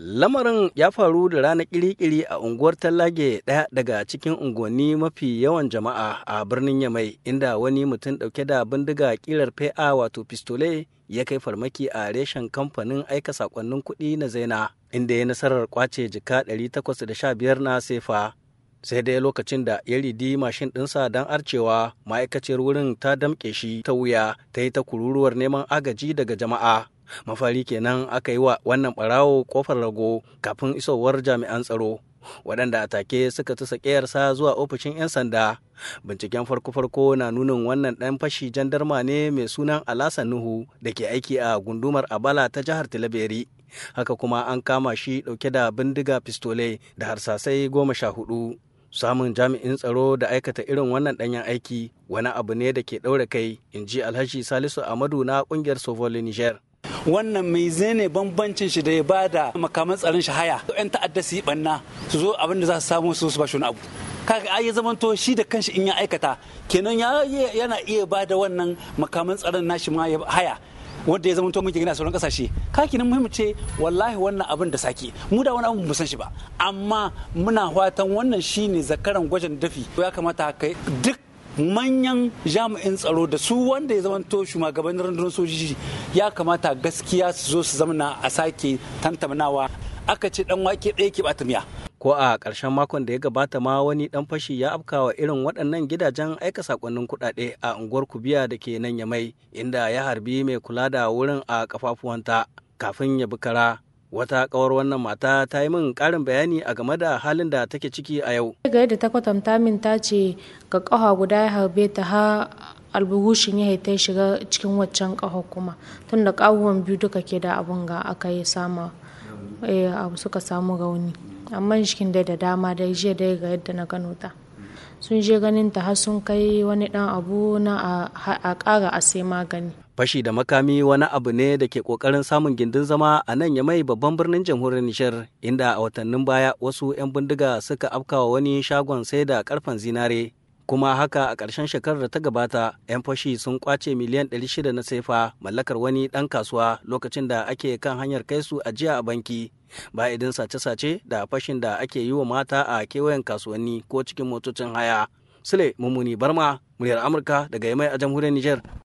Lamarin ya faru da rana kirikiri a unguwar Tallage ɗaya daga cikin unguwanni mafi yawan jama'a a birnin Yamai inda wani mutum ɗauke da bindiga ƙirar fe'a wato pistole ya kai farmaki a reshen kamfanin aika sakonnin kuɗi na Zaina inda ya nasarar kwace jika 815 na sefa. Sai dai lokacin da ya ridi mashin ɗinsa don arcewa ma'aikaciyar wurin ta damƙe shi ta wuya ta yi ta kururuwar neman agaji daga jama'a. mafari kenan aka yi wa wannan barawo kofar rago kafin isowar jami'an tsaro waɗanda a take suka tusa sa zuwa ofishin 'yan sanda binciken farko-farko na nunin wannan ɗan fashi jandarma ne mai sunan alasan nuhu da ke aiki a gundumar abala ta jihar tilaberi haka kuma an kama shi ɗauke da bindiga pistole da harsasai goma sha hudu samun jami'in tsaro da aikata irin wannan ɗanyen aiki wani abu ne da ke ɗaure kai in ji alhaji salisu amadu na ƙungiyar sovoli niger wannan mai zene bambancin shi da ya ba da makaman tsaron shi haya yan ta'adda su yi banna su zo abin da za su samu su ba shi wani abu kaga ai ya zamanto shi da kanshi in ya aikata kenan ya yana iya ba da wannan makaman tsaron nashi ma haya wanda ya zamanto muke gina sauran kasashe kaki nan muhimmi ce wallahi wannan abin da sake mu da wani abu mu san shi ba amma muna fatan wannan shine zakaran gwajin dafi ya kamata ka duk manyan jami'in tsaro da su wanda ya zamanto shugabannin rundunar sojoji ya kamata gaskiya su zo su zamana a sake tantamnawa aka ce dan wake ɗaya ke bata miya ko a ƙarshen makon da ya gabata ma wani dan fashi ya afkawa irin waɗannan gidajen aika sakonnin kuɗaɗe a unguwar kubiya da ke nan yamai inda ya harbi mai kula da wurin a kafafuwanta kafin ya bi kara wata kawar wannan mata ta yi min karin bayani a game da halin da take ciki a yau ga yadda ta kwatanta min ta ce ga kawa guda ya harbe ta ha alburushin ya haita shiga cikin waccan kawa kuma tunda da kawuwan biyu duka ke da abun ga aka yi sama eh, suka samu rauni amma shikin dai da dama dai jiya dai ga yadda na gano ta sun je ganin ta har sun kai wani dan abu na a ƙara a sai magani fashi da makami wani abu ne da ke kokarin samun gindin zama a nan ya mai babban birnin jamhuriyar nishar inda a watannin baya wasu 'yan bindiga suka afkawa wani shagon sai da karfen zinare kuma haka a ƙarshen shekarar da ta gabata 'yan fashi sun kwace miliyan 600 na sefa mallakar wani ɗan kasuwa lokacin da ake kan hanyar kai su ajiya a banki ba idan sace-sace da fashin da ake yi wa mata a kewayen kasuwanni ko cikin motocin haya sule mummuni barma muryar amurka daga yamai a jamhuriyar niger